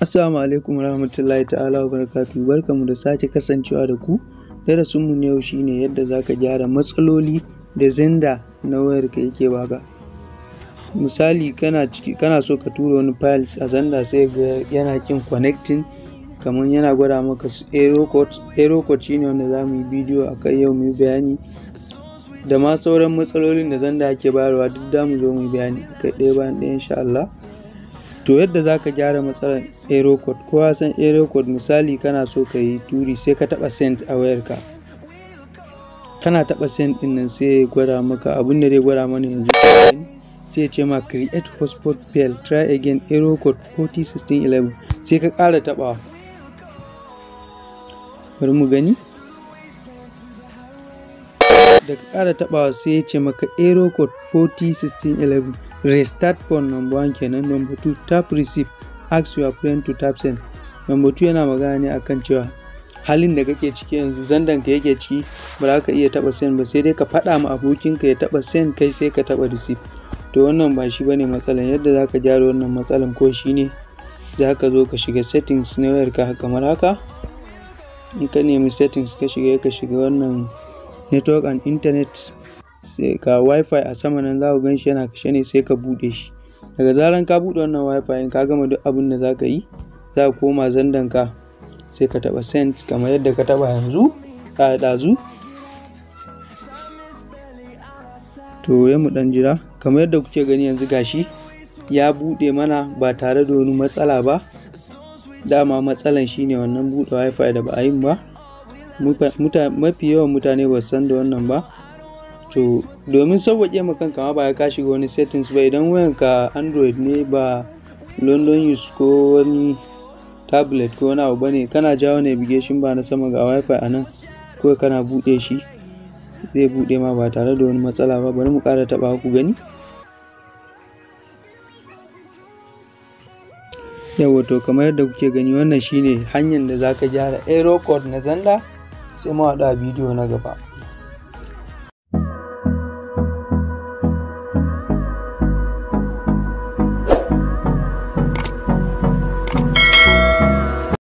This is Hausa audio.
Assalamu alaikum warahmatullahi ta'ala barka mu da sake kasancewa da ku darasinmu na yau shine yadda za ka gyara matsaloli da zinda na wayarka yake baka misali kana ciki kana so ka tura wani files a zanda sai ga yana kin connecting kamar yana gwada maka error code shine wanda za mu yi bidiyo a kai yau mu yi bayani da ma sauran matsalolin da zanda ake bayarwa duk da mu zo mu yi bayani kai ɗaya bayan ɗaya insha Allah to yadda za ka gyara matsalar aerocode ko kowa san aerocode misali kana so ka yi turi sai ka taba cent a wayarka kana taba cent din nan sai ya gwada maka abin da zai gwada mana yanzu sai ya ce ma create hotspot bell try again aerocode code 401611 sai ka kara tabawa bari mu gani da ka kara tabawa sai ya ce maka aerocode code 401611 restart phone number one kenan number two tap receive ask your friend to tap send number two yana magana ne akan cewa halin da kake ciki yanzu zandan ka yake ciki ba za ka iya taba send ba sai dai ka faɗa ma abokin ka ya taba send kai sai ka taba receive to wannan ba shi bane matsalan yadda za ka gyara wannan matsalan ko shi ne? za ka zo ka shiga settings na wayarka kamar haka in ka nemi settings ka shiga ka shiga wannan network and internet sai ga wifi a sama nan za ku gan shi yana kashe ne sai ka bude shi daga zaran ka bude wannan wifi ka gama duk abin da za ka yi za ka koma zandan ka sai ka taba send kamar yadda ka taba yanzu a ɗazu to ya mu ɗan jira kamar yadda kuke gani yanzu gashi ya bude mana ba tare da wani matsala ba dama matsalan shine wannan bude wifi da ba a yin ba mafi yawan mutane ba san da wannan ba to domin sauwaƙe ma kanka ma ba ka shiga wani settings ba idan wayan ka android ne ba london use ko wani tablet ko wani abu ba ne kana jawo navigation ba na sama ga wifi a nan ko kana buɗe shi zai buɗe ma ba tare da wani matsala ba bari mu ƙara taɓa ku gani yawa to kamar yadda kuke gani wannan shine hanyar da zaka gyara aerocord na zanda sai mu a bidiyo na gaba